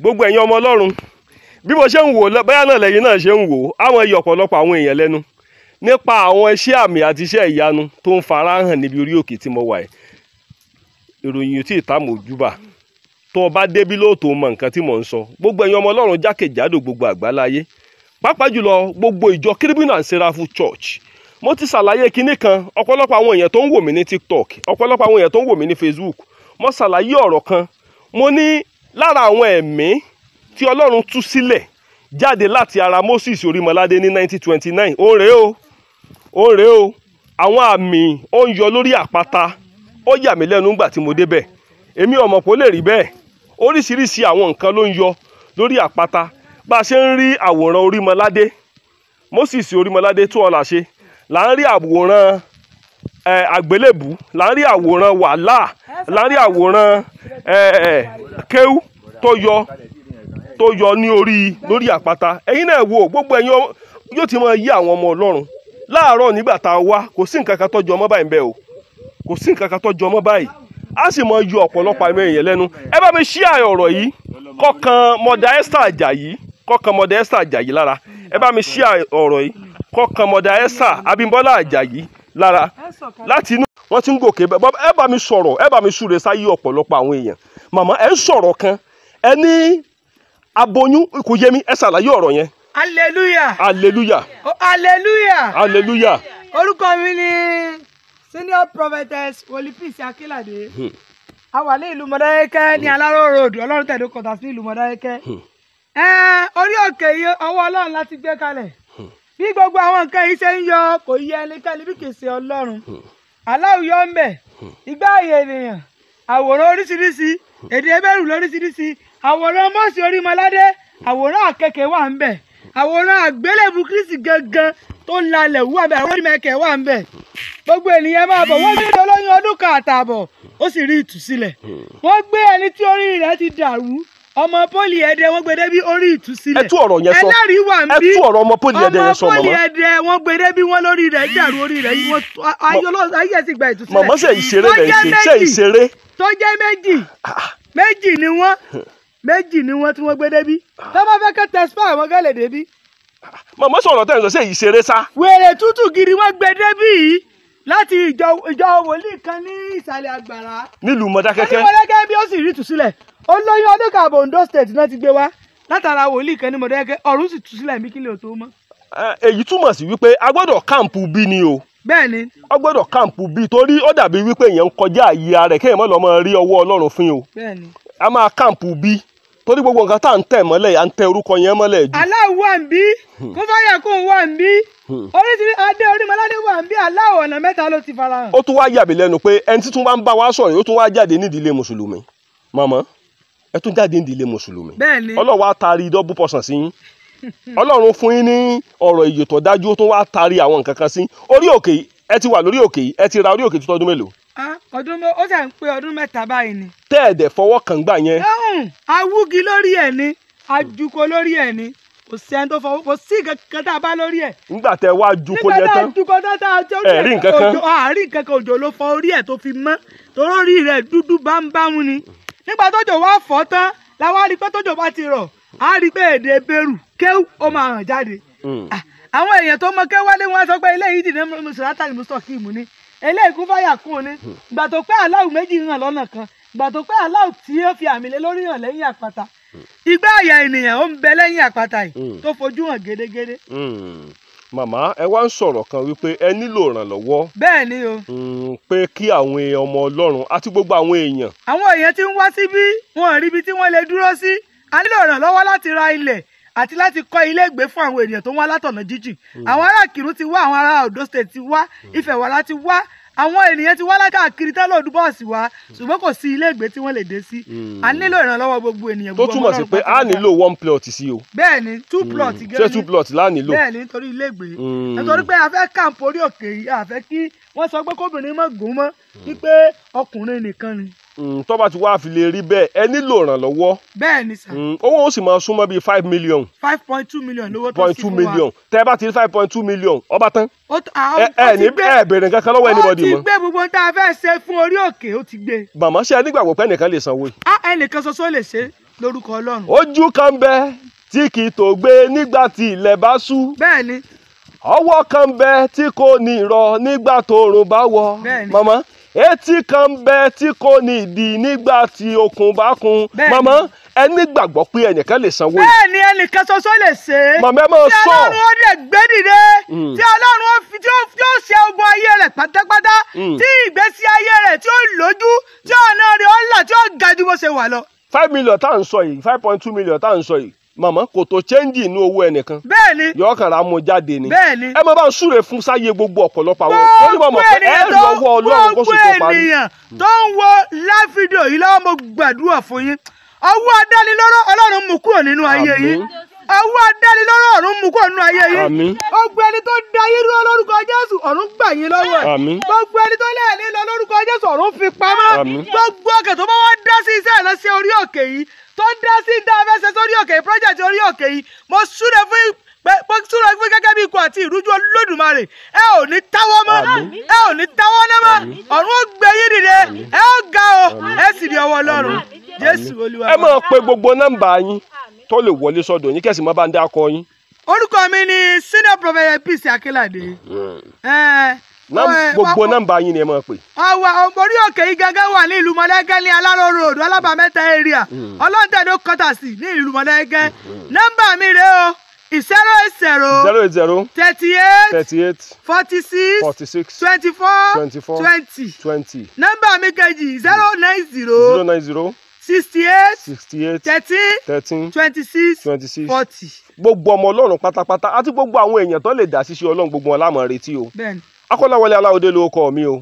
gbogbo ẹ̀yin ọmọ ọlọ́run bí mo ṣe ń wò báyà náà lẹ́yìn náà ṣe ń wò àwọn ẹyọ ọ̀pọ̀lọpọ̀ àwọn èèyàn lẹ́nu nípa àwọn iṣẹ́ àmì àti iṣẹ́ ìyanu tó ń hàn níbi orí òkè tí mo wà tí tó o bá débí lóòótọ́ mọ nǹkan tí mò ń gbogbo ẹ̀yin ọmọ ọlọ́run jákèjádò gbogbo àgbáláyé pàápàá jùlọ gbogbo ìjọ TikTok ọ̀pọ̀lọpọ̀ àwọn èèyàn tó ń wò mí lára àwọn ẹ̀mí tí ọlọ́run tú sílẹ̀ jáde láti ara moses orímọládé ní 1929 ó rèé o ó rèé o àwọn àmì ó ń yọ lórí àpáta ó yà mí lẹ́nu nígbà tí mo débẹ̀ èmi ò mọ̀ pé ó lè rí bẹ́ẹ̀ oríṣiríṣi àwọn nǹkan ló ń yọ lórí àpáta bá a ṣe ń rí àwòrán orímọládé moses orímọládé tún ọ̀la ṣe là ń rí àwòrán àgbélébù là ń rí àwòrán wàhálà lárí àwòrán kéwú tó yọ tó yọ ní orí lórí àpáta ẹ̀yin náà wò gbogbo ẹ̀yin yóò ti máa yí àwọn ọmọ ọlọ́run láàárọ̀ nígbà tá a wá kò sí nǹkan kan tó jọ mọ́ báyìí bẹ́ẹ̀ o kò sí nǹkan kan tó jọ mọ́ báyìí a sì máa yọ ọ̀pọ̀lọpọ̀ àwọn èèyàn lẹ́nu ẹ bá mi ṣí àyọ̀ ọ̀rọ̀ yìí kọ̀kan mọ̀dà Esther Àjàyí kọ̀kan mọ̀dà Esther Àjàyí lára ẹ bá mi ṣí ọ̀rọ̀ yìí kọ̀kan mọ̀dà Esther Abímbọ́lá Àjàyí lára láti inú. wọ́n ti ń gòkè bẹ́ẹ̀ ẹ bá mi sọ̀rọ̀ ẹ bá mi súre sáyé ọ̀pọ̀lọpọ̀ àwọn èèyàn màmá ẹ ń sọ̀rọ̀ kan ẹ ní aboyún kò yé mi ẹ ṣàlàyé ọ̀rọ̀ yẹn. aleluya aleluya oh, aleluya aleluya. orúkọ mi ni senior prophetess olùfíìsì akilade. Hmm. a wà ní ìlú mọdáyẹkẹ ní hmm. aláró road ọlọrun tẹ̀lé kọ̀tà sí ìlú mọdáyẹkẹ hmm. orí òkè yìí ọwọ́ ọlọ́run láti gbé kalẹ̀ bí gbogbo àwọn nǹkan yìí ṣe ń yọ kò yẹ ẹnikẹ́ni bí kì í ṣe ọlọ́run. aláwùyọ ń bẹ igbá àyè ènìyàn àwòrán oríṣiríṣi èdè ebérù lóríṣiríṣi àwòrán mọ́ọ̀sì orímọládé àwòrán àkekè wà ń bẹ àwòrán àgbélébù kristi gangan tó ń lalẹ̀ wà ń bẹ àwòrán orímẹ̀kẹ́ wà ń bẹ gbogbo ènìyàn máa bọ̀ wọ́n gbé olóyún ọdún kan àtààbọ̀ ó sì rí ìtúsílẹ̀ wọ́n gbé ẹni tí orí rẹ̀ ti dàrú ọmọ pọ́lì ẹ̀dẹ̀ wọ́n gbẹdẹ́ bí orí ìtúsílẹ̀ ẹ tú ọ̀rọ̀ yẹn sọ ẹlẹ́rìí wà ń bí ẹ tú ọ̀rọ̀ ọmọ pọ́lì ẹ̀dẹ̀ yẹn sọ màmá ọmọ pọ́lì ẹ̀dẹ̀ wọ́n gbẹdẹ́ bí wọ́n lórí rẹ̀ dàrú orí rẹ̀ yìí wọ́n ayé sì gba ìtúsílẹ̀ màmá ṣe ìṣeré rẹ̀ ṣe ìṣeré tó jẹ́ méjì ah, ah. méjì ni wọ́n méjì ni wọ́n tí wọ́n gbẹdẹ́ bí ah. tó bá fẹ́ kẹ́ tẹ́sípà àwọn gẹ́lẹ̀ débí. màmá sọ̀rọ̀ tẹ̀ ń sọ ṣe ìṣeré sá. wèrè tútù gidi wọ́n gbẹdẹ́ bí láti ìjọ ìjọ wòlíì kan ní ìsàlẹ̀ àgbàrá. nílùú mọdákẹ́kẹ́. wọ́n bí ó sì rí ìtúsílẹ̀ ó lóyún ọdún kààbọ̀ Ondo state náà ti gbé wá látara wòlíì ní mọdákẹ́kẹ́ ọ̀run sì túsílẹ̀ mí tó mọ́. èyí túmọ̀ sí wípé a gbọ́dọ̀ káàmpù bí ni o. a gbọ́dọ̀ káàmpù bí torí ó dàbí wípé ń kọjá àyè rẹ̀ o. a máa torí gbogbo nǹkan tá à ń tẹ̀ mọ́lẹ̀ à ń tẹ orúkọ yẹn mọ́lẹ̀ jù. aláwọ̀ wà ń bí hmm. kó fáyà kó ń wà ń bí hmm. oríṣiríṣi adé orímọládé wà ń bí aláwọ̀ ọ̀nà mẹ́ta ló ti fara hàn. ó tún wá yàbí lẹ́nu pé ẹni tí tún bá ń bá wa sọ̀rọ̀ ó tún wá jáde nídìílé mùsùlùmí màmá ẹ tún jáde nídìílé mùsùlùmí ọlọ́run wá taari dọ́bù pọ̀sán sí yín ọlọ́run fún yín ní ọ̀rọ̀ ìyètò dájú ó tún wá taari àwọn nǹkan kan sí orí òkè ẹ ti wà lórí òkè ẹ ti ra orí òkè tuntun ọdún mélòó ọdún ó ṣe ń pé ọdún mẹ́ta báyìí ni. tẹ́ ẹ̀ dẹ̀ fọwọ́ kàn gbà yẹn. awúgi lórí ẹ̀ ni ajukọ lórí ẹ̀ ni kò sí ẹni tó fọwọ́ kò sí kankan tá a bá lórí ẹ̀. nígbà tẹ wá ajukọ yẹn tán nígbà tá ajukọ tán tá a jẹ́ orí ẹ̀ rí nǹkan kan àárí nǹkan kan òjò ló fọ orí ẹ̀ tó fi mọ́ torórí rẹ̀ dúdú bámúbámú ni nígbà tójò wá fọ́ tán làwọn á rí pé tójò bá ti rọ̀ á rí pé èdè bẹ̀rù kéwù ó máa hàn jáde hmm. ah, àwọn èèyàn tó mọ kéwálé wọn sọ pé ilé yìí dì ní mùsùlùmí eléyìí kú fáyà kún un ní gbà tó pé aláwù méjì hàn lọ́nà kan gbà tó pé aláwù tí ó fi àmì lé lórí hàn lẹ́yìn àpáta hmm. igbá àyà ènìyàn ó ń bẹ lẹ́yìn àpáta yìí hmm. tó fojú hàn gédégédé. Hmm. màmá ẹ wá ń sọ̀rọ̀ kan wípé ẹ nílò ìrànlọ́wọ́. bẹ́ẹ̀ ni o. pé kí àwọn ọmọ ọlọ́run àti gbogbo àwọn èèyàn. àwọn èèyàn tí ń wá síbí wọn rí ibi tí wọ́n lè dúró sí a nílò ìrànlọ́wọ́ láti ra ilẹ̀ àti láti kọ́ iléègbé fún àwọn ènìyàn tó ń wá látọ̀nà jíjìn hmm. àwọn ará Ìkìrun ti wá àwọn ará Ondo State ti wá Ìfẹ̀wàrà hmm. ti wá àwọn ènìyàn ti wá lákàkiri tẹ́lẹ̀ bọ́ọ̀sì wa hmm. ṣùgbọ́n kò sí iléègbé tí wọ́n lè dé sí a nílò ìrànlọ́wọ́ gbogbo ènìyàn tó túmọ̀ sí pé a nílò one plot sí o. bẹ́ẹ̀ni two plot ṣé two plot la nílò. bẹ́ẹ̀ni nítorí iléègbé nítorí pé a fẹ́ kàǹpórí òkè yìí a fẹ́ kí wọ́n sọ pé kóbìnrin mọ̀ gùn mọ́ wípé ọkùnrin nìkan ni. Mm, tó bá ti wá fi lè rí bẹ́ẹ̀ ẹ nílò ìrànlọ́wọ́. bẹ́ẹ̀ ni sà. Mm, owó ó sì máa súnmọ́ bíi five million. five point two million lówó tó sì fún wa. point two million tẹ́ ẹ bá ti rí five point two million ọba tán. ó ti gbé ẹ ní ẹ bèrè nǹkan kan lọ́wọ́ anybody mọ́. ó ti gbé gbogbo tá a fẹ́ ṣe fún orí òkè ó ti gbé. màmá ṣe nígbàgbọ́ pé ẹnìkan lè sanwó. a ẹnìkan ṣoṣo lè ṣe lórúkọ ọlọ́run. ojú kan bẹ tí kì í tó gbé nígbà tí ilẹ̀ bá ṣú. bẹ́ẹ̀ ni. ọwọ́ kan bẹ tí kò ní ìrọ̀ nígbà tóòrùn bá wọ̀. bẹ́ẹ̀ ni màmá etí kan bẹ tí kò ní ìdí nígbà tí okùn bá kun màmá ẹ nígbàgbọ́ pé ẹnìkan lè sanwó yìí. ẹnìkan ṣoṣo lè ṣe é. màmá ẹ máa sọ. Hmm. tí Ọlọ́run ó lè gbé dìde. tí Ọlọ́run ó ṣe ogun ayé rẹ̀ pátápátá. Hmm. tí ìgbésí ayé rẹ̀ tí ó lójú tí ọ̀nà rẹ̀ ó tí ó ga ju bó ṣe wà lọ. five million tá à ń sọ yìí five point two million tá à ń sọ yìí màmá kò tó chẹ́ńjì inú owó ẹnìkan. bẹ́ẹ̀ni yọ kàrà mú jáde ni. bẹ́ẹ̀ni ẹ máa bá ń súre fún sáyé gbogbo ọ̀pọ̀lọpọ̀ àwọn olórí mọ̀mọ́ pé ẹ lọ́wọ́ ọlọ́run kó sùn tó parí. gbogbo ènìyàn hmm. tó ń wo live video yìí lọ́wọ́ mo gbàdúrà fún yín ọwọ́ adánilọ́rọ̀ ọlọ́run mú kúrò nínú ayé yín ọwọ́ adánilọ́rọ̀ ọ̀run mú kúrò nínú ayé yín gbogbo ẹni tó da yín dúró lórúkọ jésù ọ̀run gbà yín lọ́wọ́ ẹ̀ gbogbo ẹni tó lẹ́ẹ̀lé lọ lórúkọ jésù ọ̀run fi pamọ́ gbogbo ọkẹ́ tó bá wá dá sí iṣẹ́ ìránṣẹ́ orí òkè yìí tó dá sí ní dáa fẹsẹ̀ sórí òkè project orí òkè yìí mo súre fún mo súre fún gẹ́gẹ́ bí ikú àti ìrújú olódùmarè ẹ ò ní táwọ́ mọ́ ẹ ò ní táwọ́ náà mọ́ ọ̀run ó gbé yín dìde ẹ ó ga o ẹ sì rí ọwọ́ ọlọ́run jésù olúwa. ẹ máa pe gbogbo nọ́mbà yín tó lè wọlé sọ́dọ̀ yín kẹsì má bá ń dákọ yín. orúkọ mi ni senior prophet peace akínládé. Mm gbogbo nọ́mbà yín ni ẹ máa pè. àwa orí òkè yìí wà ní ìlú mọ̀lẹ́gẹ́ ní aláró road alábàmẹ́ta area hmm. ọlọ́ntẹ̀dọ́ kọ́tàsì ní ìlú mọ̀lẹ́gẹ́ hmm. nọ́mbà mi rèé o zero eight zero. eight zero. thirty eight. thirty eight. forty six. forty six. twenty four. twenty four. twenty. twenty. nọ́mbà mi kejì zero nine zero. Hmm. zero nine zero. sixty eight. sixty eight. thirteen. thirteen. twenty six. twenty six. forty. gbogbo ọmọ ọlọ́run pátápátá àti gbogbo àwọn èèyàn tó lè dá ṣíṣe ọlọ́run gbogbo wọn la retí o. bẹ́ẹ̀ni Akọ́láwọlé Aláọdẹ lórúkọ mi o.